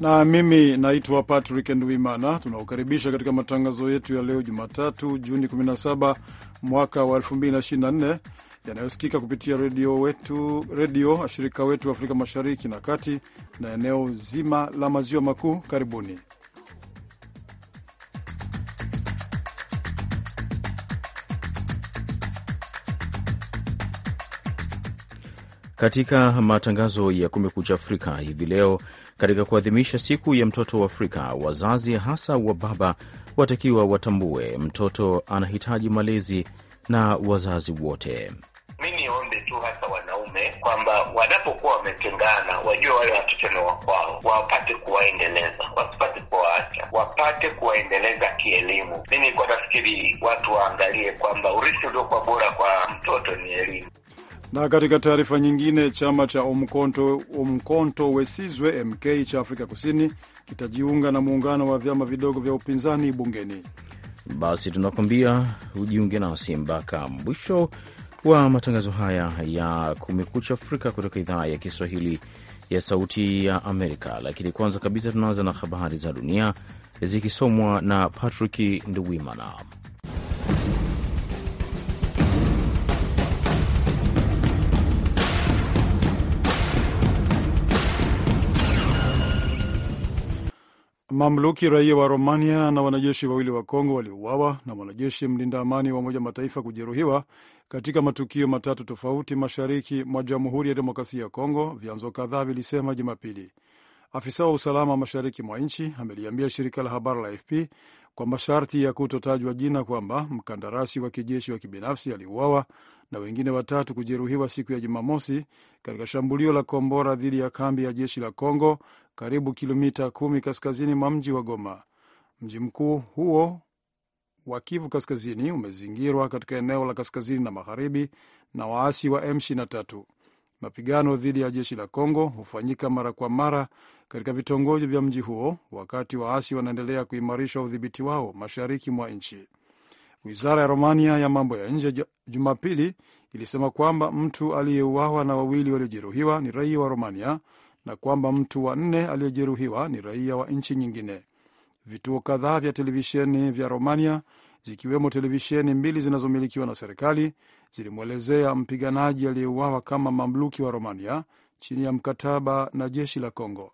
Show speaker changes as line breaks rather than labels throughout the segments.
na mimi naitwa Patrick nduimana Tunakukaribisha katika matangazo yetu ya leo Jumatatu, Juni 17 mwaka wa 2024 yanayosikika kupitia redio wetu redio washirika wetu Afrika Mashariki na Kati na eneo zima la Maziwa Makuu. Karibuni.
katika matangazo ya Kumekucha Afrika hivi leo. Katika kuadhimisha siku ya mtoto wa Afrika, wazazi hasa wa baba watakiwa watambue mtoto anahitaji malezi na wazazi wote.
ni ombe tu hasa wanaume kwamba
wanapokuwa wametengana, wajue wale watoto ni wakwao, wapate kuwaendeleza, wasipate kuwaacha, wapate kuwaendeleza kielimu. Mimi kwa nafikiri watu waangalie
kwamba urithi uliokuwa bora kwa mtoto ni elimu.
Na katika taarifa nyingine, chama cha umkonto Umkhonto Wesizwe MK cha Afrika Kusini kitajiunga na muungano wa vyama vidogo vya upinzani bungeni.
Basi tunakuambia ujiunge nasi mpaka mwisho wa matangazo haya ya Kumekucha Afrika kutoka idhaa ya Kiswahili ya Sauti ya Amerika. Lakini kwanza kabisa tunaanza na habari za dunia zikisomwa na Patrick Nduwimana.
Mamluki raia wa Romania na wanajeshi wawili wa Kongo waliuawa na mwanajeshi mlinda amani wa Umoja Mataifa kujeruhiwa katika matukio matatu tofauti mashariki mwa Jamhuri ya Demokrasia ya Kongo, vyanzo kadhaa vilisema Jumapili. Afisa wa usalama mashariki mwa nchi ameliambia shirika la habari la fp kwa masharti ya kutotajwa jina kwamba mkandarasi wa kijeshi wa kibinafsi aliuawa na wengine watatu kujeruhiwa siku ya Jumamosi katika shambulio la kombora dhidi ya kambi ya jeshi la Kongo karibu kilomita kumi kaskazini mwa mji wa Goma. Mji mkuu huo wa Kivu Kaskazini umezingirwa katika eneo la kaskazini na magharibi na waasi wa M23. Mapigano dhidi ya jeshi la congo hufanyika mara kwa mara katika vitongoji vya mji huo, wakati waasi wanaendelea kuimarisha udhibiti wao mashariki mwa nchi. Wizara ya Romania ya mambo ya nje Jumapili ilisema kwamba mtu aliyeuawa na wawili waliojeruhiwa ni raia wa Romania na kwamba mtu wa nne aliyejeruhiwa ni raia wa nchi nyingine. Vituo kadhaa vya televisheni vya Romania, zikiwemo televisheni mbili zinazomilikiwa na serikali, zilimwelezea mpiganaji aliyeuawa kama mamluki wa Romania chini ya mkataba na jeshi la congo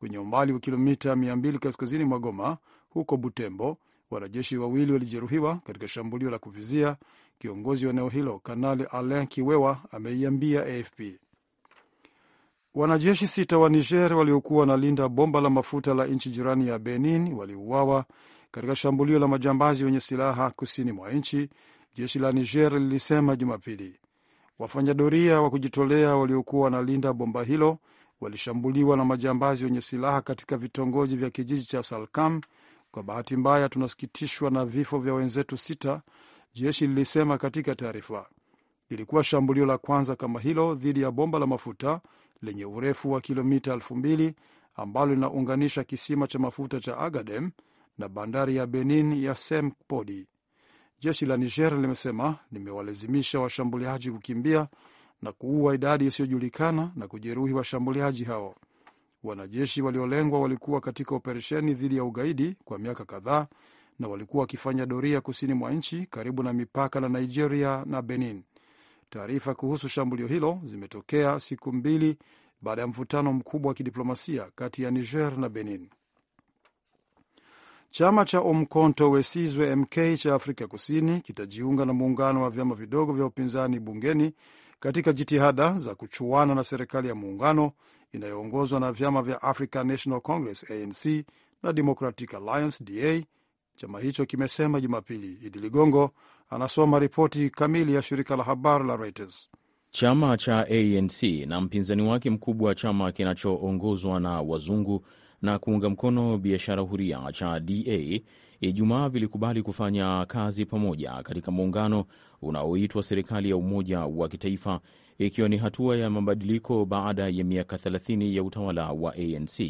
Kwenye umbali wa kilomita 200 kaskazini mwa Goma, huko Butembo, wanajeshi wawili walijeruhiwa katika shambulio la kuvizia. Kiongozi wa eneo hilo Kanali Alain Kiwewa ameiambia AFP. Wanajeshi sita wa Niger waliokuwa wanalinda bomba la mafuta la nchi jirani ya Benin waliuawa katika shambulio la majambazi wenye silaha kusini mwa nchi, jeshi la Niger lilisema Jumapili. Wafanya doria wa kujitolea waliokuwa wanalinda bomba hilo walishambuliwa na majambazi wenye silaha katika vitongoji vya kijiji cha Salkam. Kwa bahati mbaya, tunasikitishwa na vifo vya wenzetu sita, jeshi lilisema katika taarifa. Ilikuwa shambulio la kwanza kama hilo dhidi ya bomba la mafuta lenye urefu wa kilomita 2000 ambalo linaunganisha kisima cha mafuta cha Agadem na bandari ya Benin ya Sempodi. Jeshi la Niger limesema limewalazimisha washambuliaji kukimbia na kuua idadi isiyojulikana na kujeruhi washambuliaji hao. Wanajeshi waliolengwa walikuwa katika operesheni dhidi ya ugaidi kwa miaka kadhaa na walikuwa wakifanya doria kusini mwa nchi karibu na mipaka na Nigeria na Benin. Taarifa kuhusu shambulio hilo zimetokea siku mbili baada ya mvutano mkubwa wa kidiplomasia kati ya Niger na Benin. Chama cha Umkhonto wesizwe MK cha Afrika Kusini kitajiunga na muungano wa vyama vidogo vya upinzani bungeni katika jitihada za kuchuana na serikali ya muungano inayoongozwa na vyama vya African National Congress ANC na Democratic Alliance DA chama hicho kimesema Jumapili. Idi Ligongo anasoma ripoti kamili ya shirika la habari la Reuters.
Chama cha ANC na mpinzani wake mkubwa, wa chama kinachoongozwa na wazungu na kuunga mkono biashara huria cha DA Ijumaa vilikubali kufanya kazi pamoja katika muungano unaoitwa serikali ya umoja wa kitaifa, ikiwa ni hatua ya mabadiliko baada ya miaka 30 ya utawala wa ANC.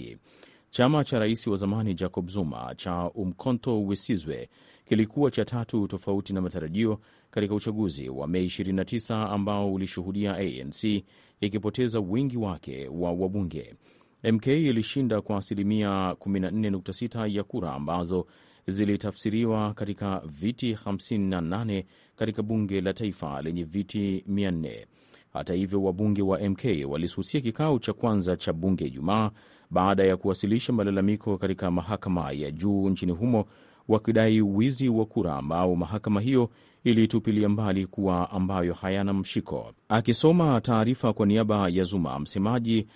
Chama cha rais wa zamani Jacob Zuma cha umkonto wisizwe kilikuwa cha tatu, tofauti na matarajio, katika uchaguzi wa Mei 29 ambao ulishuhudia ANC ikipoteza wingi wake wa wabunge. MK ilishinda kwa asilimia 14.6 ya kura ambazo zilitafsiriwa katika viti 58 katika bunge la taifa lenye viti 400. Hata hivyo, wabunge wa MK walisusia kikao cha kwanza cha bunge Ijumaa baada ya kuwasilisha malalamiko katika mahakama ya juu nchini humo wakidai wizi wa kura ambao mahakama hiyo ilitupilia mbali kuwa ambayo hayana mshiko. Akisoma taarifa kwa niaba ya Zuma, msemaji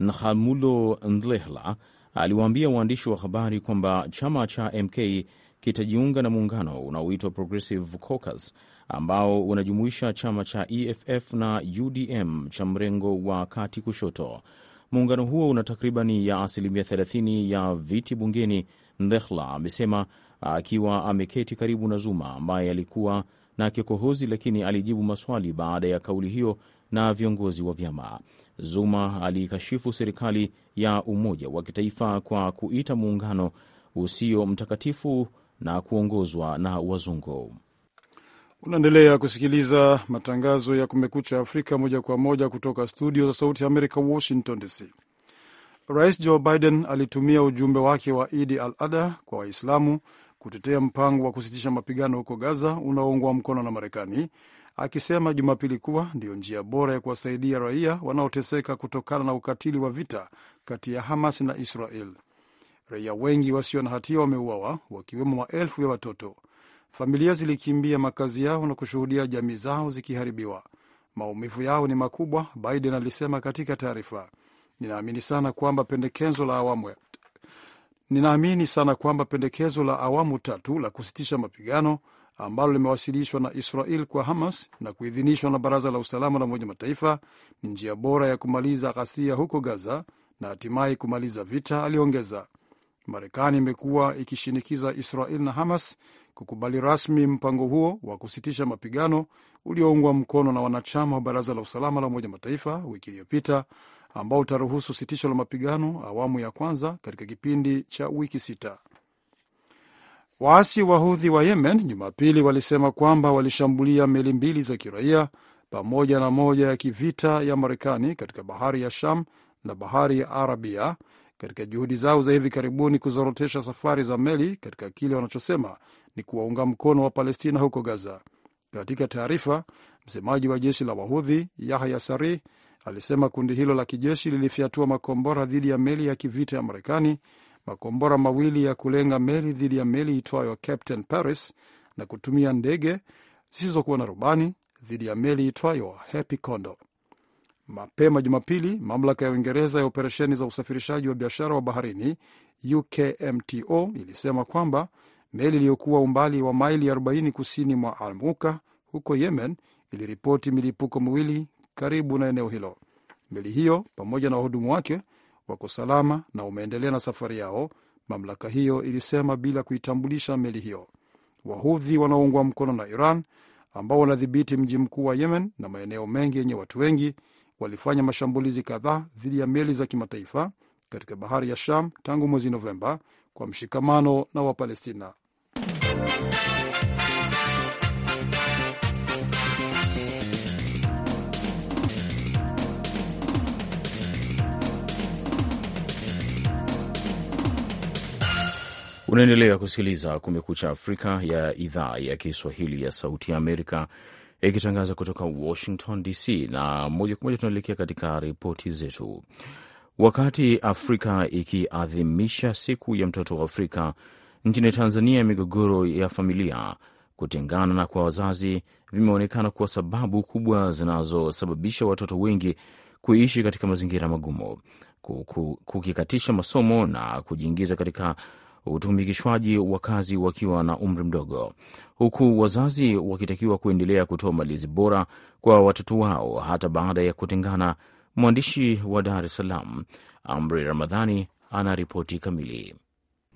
Nhamulo Ndlehla aliwaambia waandishi wa habari kwamba chama cha MK kitajiunga na muungano unaoitwa Progressive Caucus ambao unajumuisha chama cha EFF na UDM cha mrengo wa kati kushoto. Muungano huo una takribani ya asilimia 30 ya viti bungeni, Ndhehla amesema akiwa ameketi karibu na Zuma ambaye alikuwa na kikohozi lakini alijibu maswali baada ya kauli hiyo na viongozi wa vyama. Zuma aliikashifu serikali ya umoja wa kitaifa kwa kuita muungano usio mtakatifu na kuongozwa na wazungu.
Unaendelea kusikiliza matangazo ya Kumekucha Afrika moja kwa moja kutoka studio za Sauti ya Amerika, Washington DC. Rais Joe Biden alitumia ujumbe wake wa Idi al Adha kwa Waislamu kutetea mpango wa kusitisha mapigano huko Gaza unaoungwa mkono na Marekani, akisema Jumapili kuwa ndiyo njia bora ya kuwasaidia raia wanaoteseka kutokana na ukatili wa vita kati ya Hamas na Israel. Raia wengi wasio na hatia wameuawa, wakiwemo maelfu ya watoto. Familia zilikimbia makazi yao na kushuhudia jamii zao zikiharibiwa. Maumivu yao ni makubwa, Biden alisema katika taarifa. Ninaamini sana kwamba pendekezo la awamu ninaamini sana kwamba pendekezo la awamu tatu la kusitisha mapigano ambalo limewasilishwa na Israel kwa Hamas na kuidhinishwa na Baraza la Usalama la Umoja Mataifa ni njia bora ya kumaliza ghasia huko Gaza na hatimaye kumaliza vita, aliongeza. Marekani imekuwa ikishinikiza Israel na Hamas kukubali rasmi mpango huo wa kusitisha mapigano ulioungwa mkono na wanachama wa Baraza la Usalama la Umoja Mataifa wiki iliyopita ambao utaruhusu sitisho la mapigano awamu ya kwanza katika kipindi cha wiki sita. Waasi Hudhi wa Yemen Jumapili walisema kwamba walishambulia meli mbili za kiraia pamoja na moja ya kivita ya Marekani katika bahari ya Sham na bahari ya Arabia katika juhudi zao za hivi karibuni kuzorotesha safari za meli katika kile wanachosema ni kuwaunga mkono wa Palestina huko Gaza. Katika taarifa, msemaji wa jeshi la Wahudhi Yahya sari alisema kundi hilo la kijeshi lilifyatua makombora dhidi ya meli ya kivita ya Marekani, makombora mawili ya kulenga meli dhidi ya meli itwayo Captain Paris na kutumia ndege zisizokuwa na rubani dhidi ya meli itwayo Happy Condor. Mapema Jumapili, mamlaka ya Uingereza ya operesheni za usafirishaji wa biashara wa baharini UKMTO ilisema kwamba meli iliyokuwa umbali wa maili 40 kusini mwa Almuka huko Yemen iliripoti milipuko miwili karibu na eneo hilo. Meli hiyo pamoja na wahudumu wake wako salama na umeendelea na safari yao, mamlaka hiyo ilisema bila kuitambulisha meli hiyo. Wahudhi wanaoungwa mkono na Iran ambao wanadhibiti mji mkuu wa Yemen na maeneo mengi yenye watu wengi walifanya mashambulizi kadhaa dhidi ya meli za kimataifa katika bahari ya Sham tangu mwezi Novemba kwa mshikamano na Wapalestina.
Unaendelea kusikiliza Kumekucha Afrika ya idhaa ya Kiswahili ya Sauti ya Amerika ikitangaza kutoka Washington DC, na moja kwa moja tunaelekea katika ripoti zetu. Wakati Afrika ikiadhimisha siku ya mtoto wa Afrika, nchini Tanzania migogoro ya familia, kutengana na kwa wazazi vimeonekana kuwa sababu kubwa zinazosababisha watoto wengi kuishi katika mazingira magumu, kukikatisha masomo na kujiingiza katika utumikishwaji wa kazi wakiwa na umri mdogo, huku wazazi wakitakiwa kuendelea kutoa malezi bora kwa watoto wao hata baada ya kutengana. Mwandishi wa Dar es Salaam, Amri Ramadhani, anaripoti kamili.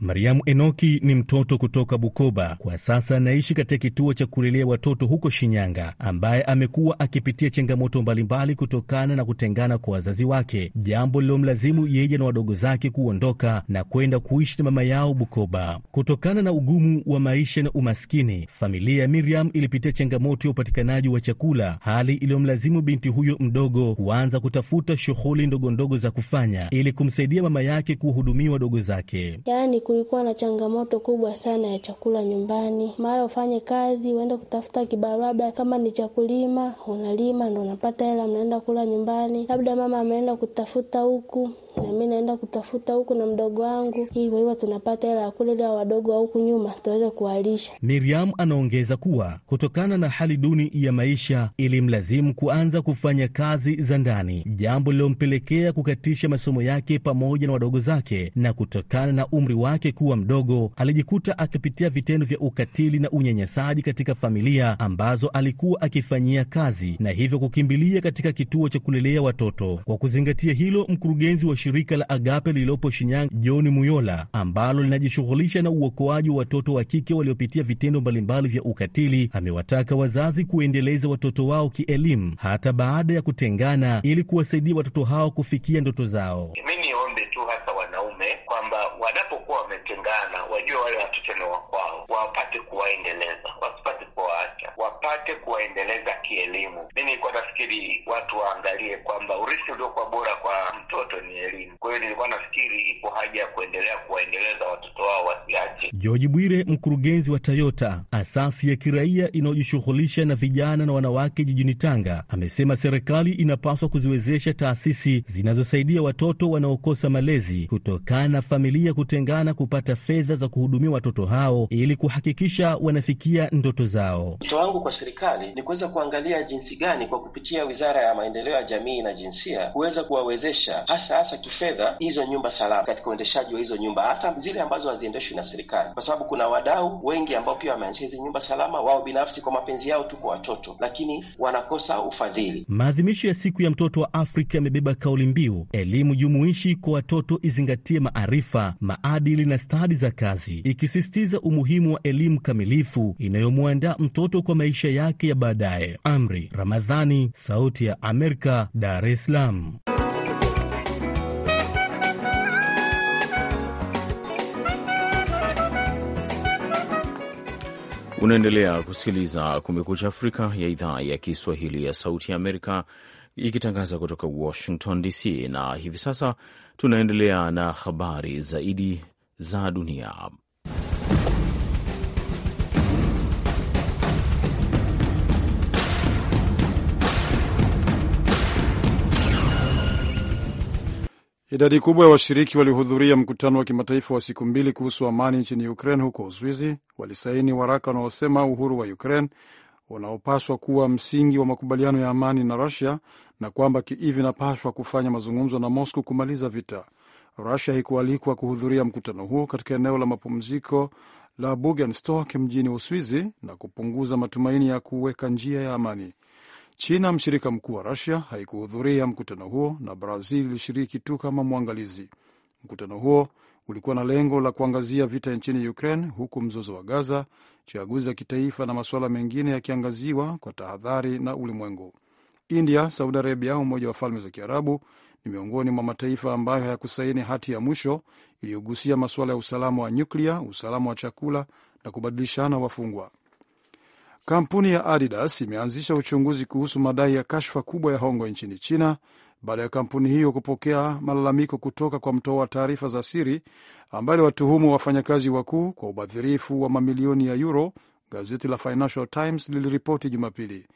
Mariamu
Enoki ni mtoto kutoka Bukoba, kwa sasa anaishi katika kituo cha kulelea watoto huko Shinyanga, ambaye amekuwa akipitia changamoto mbalimbali kutokana na kutengana kwa wazazi wake, jambo lilomlazimu yeye na wadogo zake kuondoka na kwenda kuishi na mama yao Bukoba. Kutokana na ugumu wa maisha na umaskini, familia ya Miriam ilipitia changamoto ya upatikanaji wa chakula, hali iliyomlazimu binti huyo mdogo kuanza kutafuta shughuli ndogondogo za kufanya ili kumsaidia mama yake kuwahudumia wadogo zake
yani kulikuwa na changamoto kubwa sana ya chakula nyumbani, mara ufanye kazi uende kutafuta kibarua, kama ni cha kulima unalima ndo unapata hela, mnaenda kula nyumbani, labda mama ameenda kutafuta huku na mimi naenda kutafuta huku na mdogo wangu, hivyo hivyo tunapata hela ya kule ile wadogo wa huku nyuma tuweze kuwalisha.
Miriam anaongeza kuwa kutokana na hali duni ya maisha ilimlazimu kuanza kufanya kazi za ndani, jambo lilompelekea kukatisha masomo yake pamoja na wadogo zake, na kutokana na umri wake kuwa mdogo alijikuta akipitia vitendo vya ukatili na unyanyasaji katika familia ambazo alikuwa akifanyia kazi na hivyo kukimbilia katika kituo cha kulelea watoto. Kwa kuzingatia hilo, mkurugenzi wa shirika la Agape lililopo Shinyanga, John Muyola, ambalo linajishughulisha na uokoaji wa watoto wa kike waliopitia vitendo mbalimbali vya ukatili, amewataka wazazi kuendeleza watoto wao kielimu hata baada ya kutengana ili kuwasaidia watoto hao kufikia ndoto zao. Wanapokuwa wametengana wajue wale
watoto ni wakwao, wapate kuwaendeleza, wasipate kuwaacha tupate
kuwaendeleza kielimu. Mi nilikuwa nafikiri watu waangalie kwamba urithi uliokuwa bora kwa mtoto ni elimu. Kwa hiyo nilikuwa nafikiri ipo haja ya kuendelea kuwaendeleza watoto wao wasiache. George Bwire, mkurugenzi wa Toyota, asasi ya kiraia inayojishughulisha na vijana na wanawake jijini Tanga, amesema serikali inapaswa kuziwezesha taasisi zinazosaidia watoto wanaokosa malezi kutokana na familia kutengana kupata fedha za kuhudumia watoto hao ili kuhakikisha wanafikia ndoto zao. Mtoto wangu kwa serikali ni kuweza kuangalia jinsi gani kwa kupitia Wizara ya Maendeleo ya Jamii na Jinsia kuweza kuwawezesha hasa hasa kifedha hizo nyumba salama katika uendeshaji wa hizo nyumba, hata zile ambazo haziendeshwi na serikali, kwa sababu kuna wadau wengi ambao pia wameanzisha hizi nyumba salama wao binafsi kwa mapenzi yao tu kwa watoto, lakini wanakosa ufadhili. Maadhimisho ya siku ya mtoto wa Afrika yamebeba kauli mbiu elimu jumuishi kwa watoto izingatie maarifa, maadili na stadi za kazi, ikisisitiza umuhimu wa elimu kamilifu inayomwandaa mtoto kwa maisha maisha yake ya baadaye. Amri Ramadhani, Sauti ya Amerika, Dar es Salaam.
Unaendelea kusikiliza Kumekucha Afrika ya idhaa ya Kiswahili ya Sauti ya Amerika ikitangaza kutoka Washington DC, na hivi sasa tunaendelea na habari zaidi za dunia.
Idadi kubwa ya washiriki waliohudhuria mkutano wa kimataifa wa siku mbili kuhusu amani nchini Ukraine huko Uswizi walisaini waraka unaosema uhuru wa Ukraine unaopaswa kuwa msingi wa makubaliano ya amani na Rusia na kwamba Kiev inapaswa kufanya mazungumzo na Moscow kumaliza vita. Rusia haikualikwa kuhudhuria mkutano huo katika eneo la mapumziko la Bugenstock mjini Uswizi na kupunguza matumaini ya kuweka njia ya amani. China, mshirika mkuu wa Rusia, haikuhudhuria mkutano huo na Brazil ilishiriki tu kama mwangalizi. Mkutano huo ulikuwa na lengo la kuangazia vita nchini Ukraine, huku mzozo wa Gaza, chaguzi ya kitaifa na masuala mengine yakiangaziwa kwa tahadhari na ulimwengu. India, Saudi Arabia, Umoja wa Falme za Kiarabu ni miongoni mwa mataifa ambayo hayakusaini hati ya mwisho iliyogusia masuala ya usalama wa nyuklia, usalama wa chakula na kubadilishana wafungwa. Kampuni ya Adidas imeanzisha uchunguzi kuhusu madai ya kashfa kubwa ya hongo nchini China baada ya kampuni hiyo kupokea malalamiko kutoka kwa mtoa wa taarifa za siri ambaye aliwatuhumu wafanyakazi wakuu kwa ubadhirifu wa mamilioni ya euro, gazeti la Financial Times liliripoti Jumapili.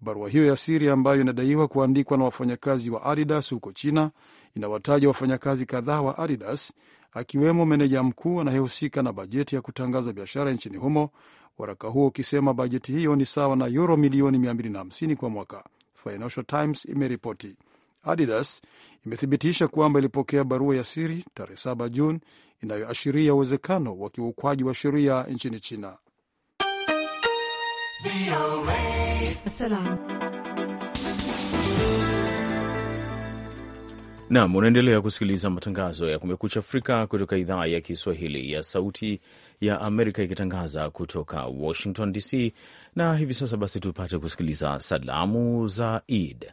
Barua hiyo ya siri ambayo inadaiwa kuandikwa na wafanyakazi wa Adidas huko China inawataja wafanyakazi kadhaa wa Adidas akiwemo meneja mkuu anayehusika na bajeti ya kutangaza biashara nchini humo waraka huo ukisema bajeti hiyo ni sawa na euro milioni 250 kwa mwaka, Financial Times imeripoti. Adidas imethibitisha kwamba ilipokea barua ya siri tarehe 7 Juni inayoashiria uwezekano wa kiukwaji wa sheria nchini China.
Salam
nam unaendelea kusikiliza matangazo ya Kumekucha Afrika kutoka idhaa ya Kiswahili ya Sauti ya Amerika ikitangaza kutoka Washington DC. Na hivi sasa basi tupate kusikiliza salamu za Eid.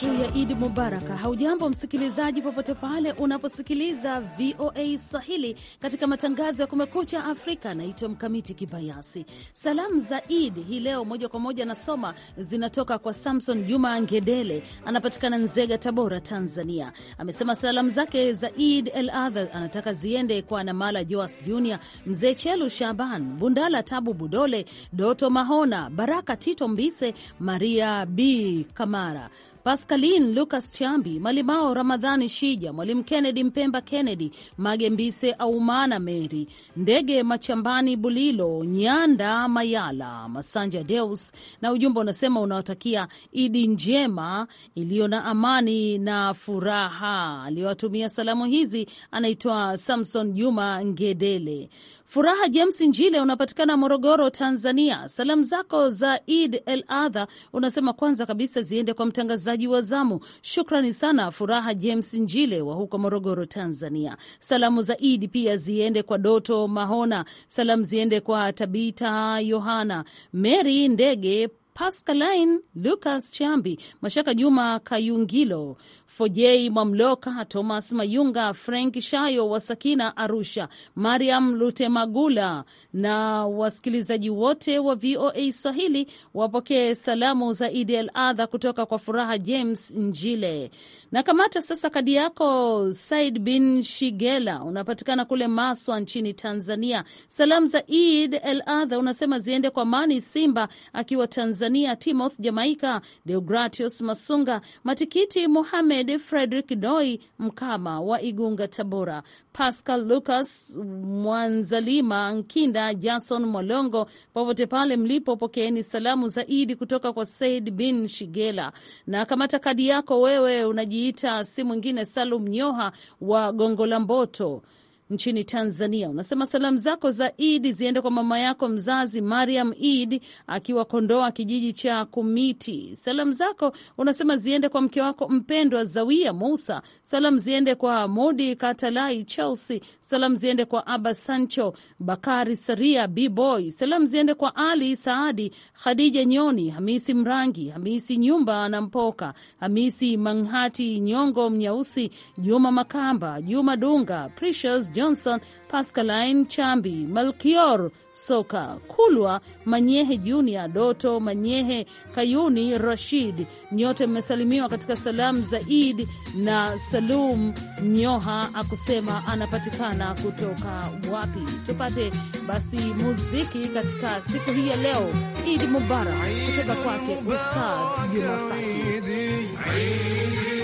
tatu ya Idi Mubaraka. Haujambo msikilizaji, popote pale unaposikiliza VOA Swahili katika matangazo ya Kumekucha Afrika. Naitwa Mkamiti Kibayasi. Salamu za Idi hii leo moja kwa moja nasoma zinatoka kwa Samson Juma Ngedele, anapatikana Nzega, Tabora, Tanzania. Amesema salamu zake za Id el Adha anataka ziende kwa Namala Joas jr Mzee Chelu Shaban Bundala, Tabu Budole, Doto Mahona, Baraka Tito Mbise, Maria B Kamara Pascaline Lucas Chambi, Malimao Ramadhani Shija, Mwalimu Kennedy Mpemba Kennedy, Magembise Aumana Meri, Ndege Machambani Bulilo, Nyanda Mayala, Masanja Deus, na ujumbe unasema unawatakia Idi njema iliyo na amani na furaha. Aliyowatumia salamu hizi anaitwa Samson Juma Ngedele. Furaha James Njile, unapatikana Morogoro, Tanzania. Salamu zako za Eid el Adha unasema kwanza kabisa ziende kwa mtangazaji wa zamu. Shukrani sana Furaha James Njile wa huko Morogoro, Tanzania. Salamu za Eid pia ziende kwa Doto Mahona. Salamu ziende kwa Tabita Yohana, Mary Ndege, Pascaline Lucas Chambi, Mashaka Juma Kayungilo, Fojei mamloka Thomas Mayunga, Frank Shayo wa Sakina Arusha, Mariam Lutemagula na wasikilizaji wote wa VOA Swahili wapokee salamu za Idi el Adha kutoka kwa Furaha James Njile. Na kamata sasa kadi yako Said bin Shigela, unapatikana kule Maswa nchini Tanzania. Salamu za Id el Adha unasema ziende kwa Mani Simba akiwa Tanzania, Timoth Jamaika, Deogratius Masunga, Matikiti Mohamed Ahmed Frederick Doi Mkama wa Igunga, Tabora, Pascal Lucas Mwanzalima Nkinda, Jason Mwalongo, popote pale mlipo, pokeeni salamu zaidi kutoka kwa Said bin Shigela na kamata kadi yako wewe, unajiita si mwingine Salum Nyoha wa Gongo la Mboto nchini Tanzania, unasema salamu zako za Idi ziende kwa mama yako mzazi Mariam Id akiwa Kondoa, kijiji cha Kumiti. Salamu zako unasema ziende kwa mke wako mpendwa Zawia Musa. Salamu ziende kwa Modi Katalai Chelsea. Salamu ziende kwa Aba Sancho Bakari Saria Bboy. Salamu ziende kwa Ali Saadi, Khadija Nyoni, Hamisi Mrangi, Hamisi Nyumba na Mpoka, Hamisi Manghati Nyongo Mnyausi, Juma Makamba, Juma Dunga, Precious Johnson, Pascaline Chambi, Malkior Soka, Kulwa Manyehe Junior, Doto Manyehe, Kayuni Rashid, nyote mmesalimiwa katika salamu za id na Salum Nyoha akusema anapatikana kutoka wapi. Tupate basi muziki katika siku hii ya leo. Idi Mubarak kutoka kwake Ustadh Juma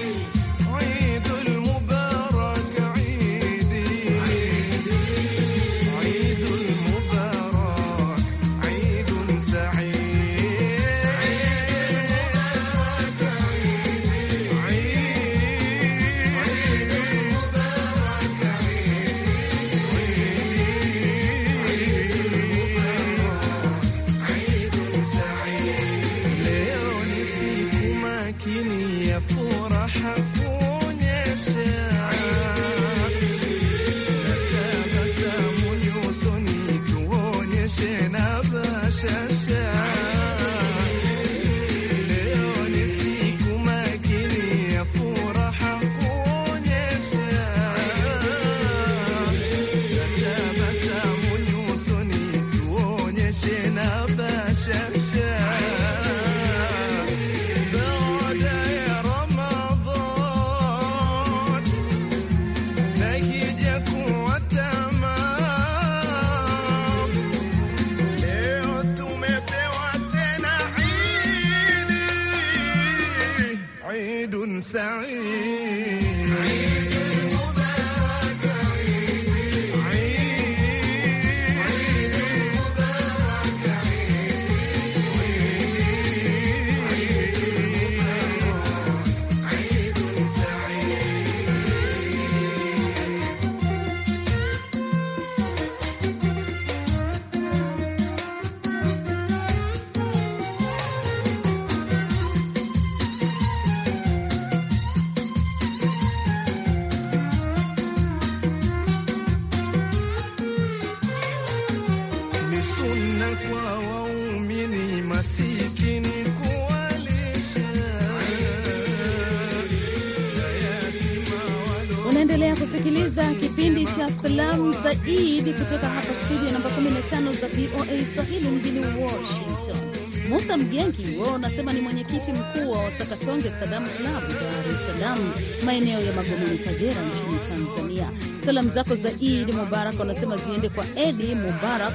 Unaendelea kusikiliza kipindi cha Salamu za Idi kutoka hapa studio namba 15 za VOA Swahili mjini Washington. Musa Mgengi, wao unasema ni mwenyekiti mkuu wa Wasakatonge Salamu Klabu Dar es Salaam, maeneo ya Magomeni, Kagera nchini Tanzania. Salamu zako za Idi Mubarak unasema ziende kwa Edi Mubarak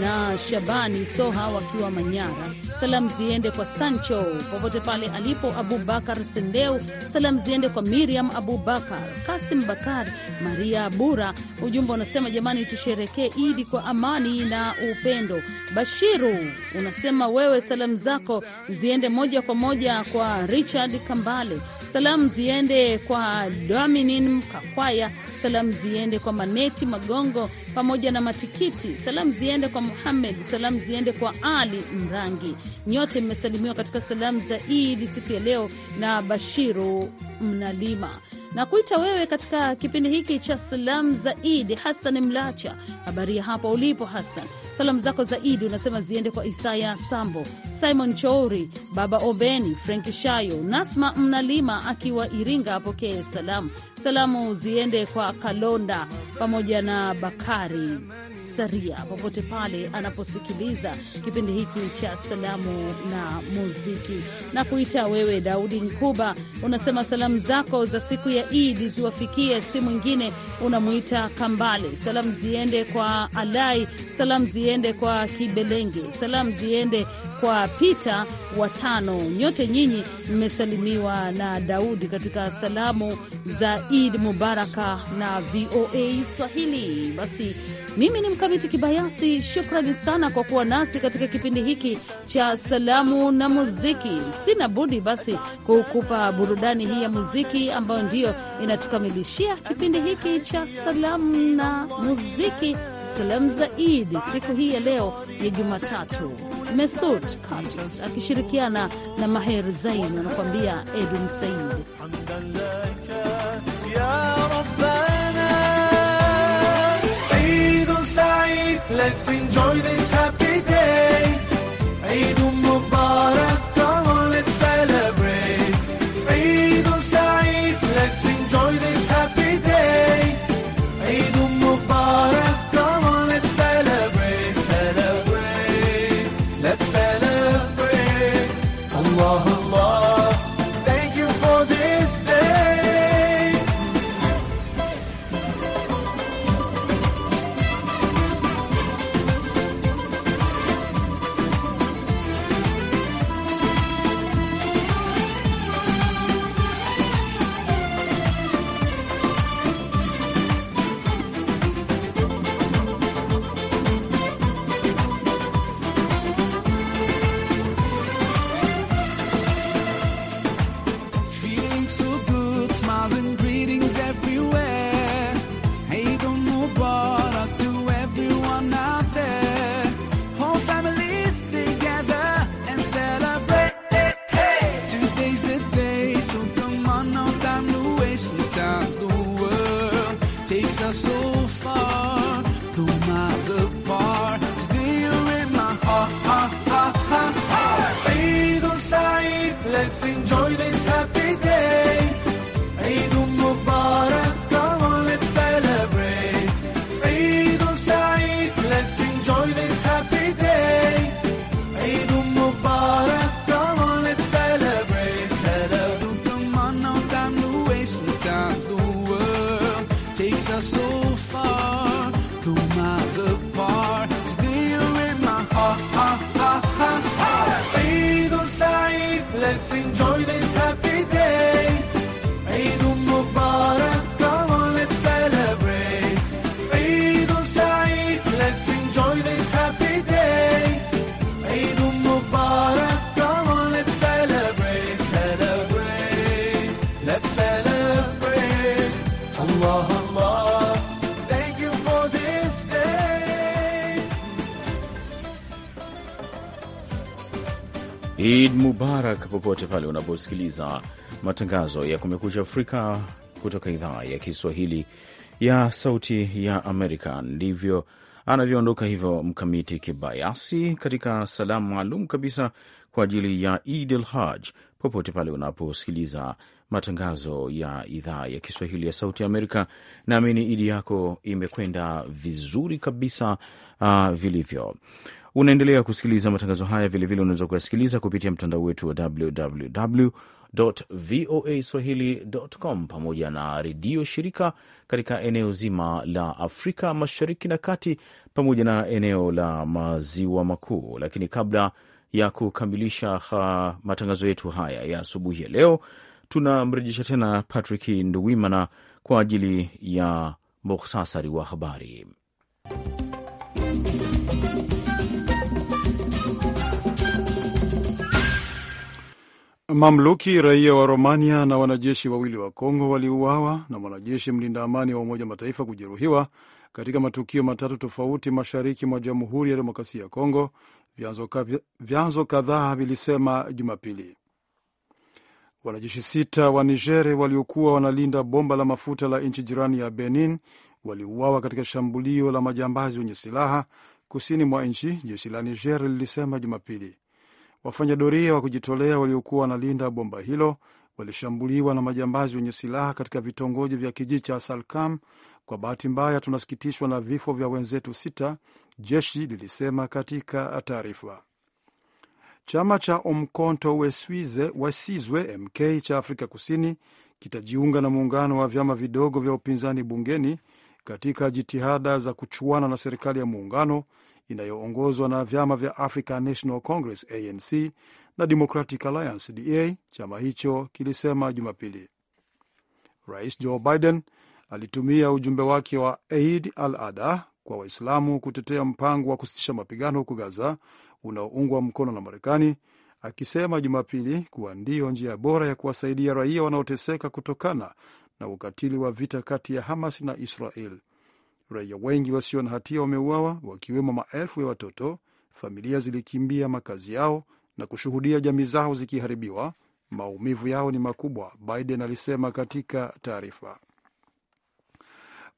na Shabani Soha wakiwa Manyara salamu ziende kwa Sancho popote pale alipo, Abubakar Sendeu, salamu ziende kwa Miriam Abubakar, Kasim Bakar, Maria Bura. Ujumbe unasema jamani, tusherekee Idi kwa amani na upendo. Bashiru unasema wewe, salamu zako ziende moja kwa moja kwa Richard Kambale, salamu ziende kwa Dominin Kakwaya, salamu ziende kwa Maneti Magongo pamoja na Matikiti, salamu ziende kwa Muhammed, salamu ziende kwa Ali Mrangi Nyote mmesalimiwa katika salamu za Idi siku ya leo na Bashiru Mnalima na kuita wewe katika kipindi hiki cha salamu za Idi. Hasan Mlacha, habari ya hapa ulipo Hasan. Salamu zako za Idi unasema ziende kwa Isaya Sambo, Simon Chouri, Baba Obeni, Frenki Shayo, Nasma Mnalima akiwa Iringa apokee salamu. Salamu ziende kwa Kalonda pamoja na Bakari Saria popote pale anaposikiliza kipindi hiki cha salamu na muziki. Na kuita wewe Daudi Nkuba, unasema salamu zako za siku ya Idi ziwafikie, si mwingine unamwita Kambale. Salamu ziende kwa Alai, salamu ziende kwa Kibelenge, salamu ziende kwa Pita watano. Nyote nyinyi mmesalimiwa na Daudi katika salamu za id Mubaraka na VOA Swahili. Basi mimi ni Mkamiti Kibayasi. Shukrani sana kwa kuwa nasi katika kipindi hiki cha salamu na muziki. Sina budi basi kukupa burudani hii ya muziki ambayo ndiyo inatukamilishia kipindi hiki cha salamu na muziki. Salamu za Idi siku hii ya leo ya Jumatatu. Mesut Katis akishirikiana na Maher Zain anakuambia Edum saidi
Let's enjoy this happy day.
popote pale unaposikiliza matangazo ya Kumekucha Afrika kutoka idhaa ya Kiswahili ya Sauti ya Amerika. Ndivyo anavyoondoka hivyo Mkamiti Kibayasi katika salamu maalum kabisa kwa ajili ya Eid el Haj, popote pale unaposikiliza matangazo ya idhaa ya Kiswahili ya Sauti ya Amerika. Naamini idi yako imekwenda vizuri kabisa, uh, vilivyo Unaendelea kusikiliza matangazo haya, vilevile unaweza kuyasikiliza kupitia mtandao wetu wa www voa swahili.com pamoja na redio shirika katika eneo zima la Afrika Mashariki na Kati pamoja na eneo la Maziwa Makuu. Lakini kabla ya kukamilisha ha, matangazo yetu haya ya asubuhi ya leo, tunamrejesha tena Patrick Nduwimana kwa ajili ya
muhtasari wa habari. Mamluki raia wa Romania na wanajeshi wawili wa Kongo waliuawa na mwanajeshi mlinda amani wa Umoja Mataifa kujeruhiwa katika matukio matatu tofauti mashariki mwa Jamhuri ya Demokrasia ya Kongo, vyanzo kadhaa vilisema Jumapili. Wanajeshi sita wa Niger waliokuwa wanalinda bomba la mafuta la nchi jirani ya Benin waliuawa katika shambulio la majambazi wenye silaha kusini mwa nchi, jeshi la Niger lilisema Jumapili. Wafanya doria wa kujitolea waliokuwa wanalinda bomba hilo walishambuliwa na majambazi wenye silaha katika vitongoji vya kijiji cha Salkam. Kwa bahati mbaya, tunasikitishwa na vifo vya wenzetu sita, jeshi lilisema katika taarifa. Chama cha Umkhonto Wesizwe MK cha Afrika Kusini kitajiunga na muungano wa vyama vidogo vya upinzani bungeni katika jitihada za kuchuana na serikali ya muungano inayoongozwa na vyama vya African National Congress ANC na Democratic Alliance DA, chama hicho kilisema Jumapili. Rais Joe Biden alitumia ujumbe wake wa Eid al-Adha kwa Waislamu kutetea mpango wa kusitisha mapigano huko Gaza unaoungwa mkono na Marekani, akisema Jumapili kuwa ndiyo njia bora ya kuwasaidia raia wanaoteseka kutokana na ukatili wa vita kati ya Hamas na Israel. Raia wengi wasio na hatia wameuawa, wakiwemo maelfu ya watoto. Familia zilikimbia makazi yao na kushuhudia jamii zao zikiharibiwa. Maumivu yao ni makubwa, Biden alisema katika taarifa.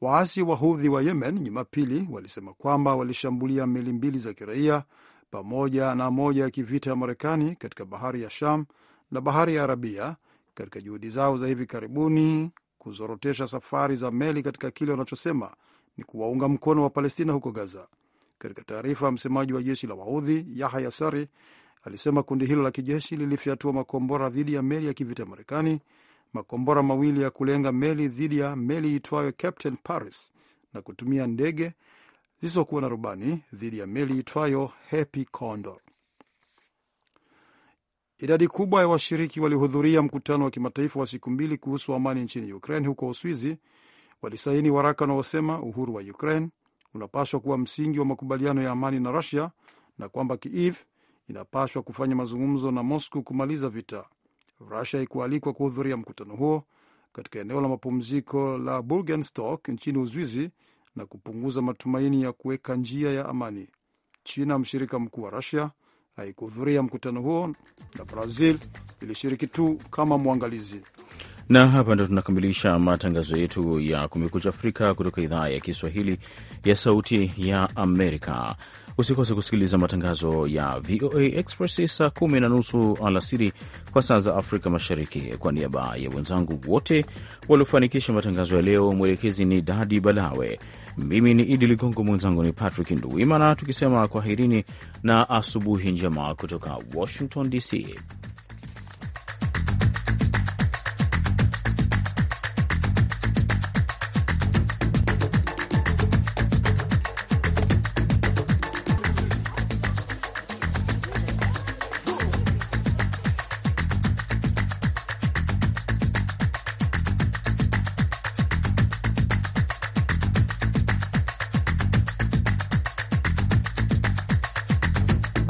Waasi wa Hudhi wa Yemen Jumapili walisema kwamba walishambulia meli mbili za kiraia pamoja na moja ya kivita ya Marekani katika bahari ya Sham na bahari ya Arabia katika juhudi zao za hivi karibuni kuzorotesha safari za meli katika kile wanachosema ni kuwaunga mkono wa Palestina huko Gaza. Katika taarifa, msemaji wa jeshi la Waudhi Yahya Sari alisema kundi hilo la kijeshi lilifyatua makombora dhidi ya meli ya kivita ya Marekani, makombora mawili ya kulenga meli dhidi ya meli itwayo Captain Paris na kutumia ndege zisizokuwa na rubani dhidi ya meli itwayo Happy Condor. Idadi kubwa ya washiriki walihudhuria mkutano wa kimataifa wa siku mbili kuhusu amani nchini Ukraine huko Uswizi, walisaini waraka unaosema uhuru wa Ukraine unapaswa kuwa msingi wa makubaliano ya amani na Rusia na kwamba Kiev inapaswa kufanya mazungumzo na Moscow kumaliza vita. Rusia haikualikwa kuhudhuria mkutano huo katika eneo la mapumziko la Burgenstock nchini Uswizi na kupunguza matumaini ya kuweka njia ya amani. China, mshirika mkuu wa Rusia, haikuhudhuria mkutano huo na Brazil ilishiriki tu kama mwangalizi.
Na hapa ndo tunakamilisha matangazo yetu ya Kumekucha Afrika kutoka idhaa ya Kiswahili ya Sauti ya Amerika. Usikose kusikiliza matangazo ya VOA Express saa kumi na nusu alasiri kwa saa za Afrika Mashariki. Kwa niaba ya wenzangu wote waliofanikisha matangazo ya leo, mwelekezi ni Dadi Balawe, mimi ni Idi Ligongo, mwenzangu ni Patrick Nduwimana, tukisema kwaherini na asubuhi njema kutoka Washington DC.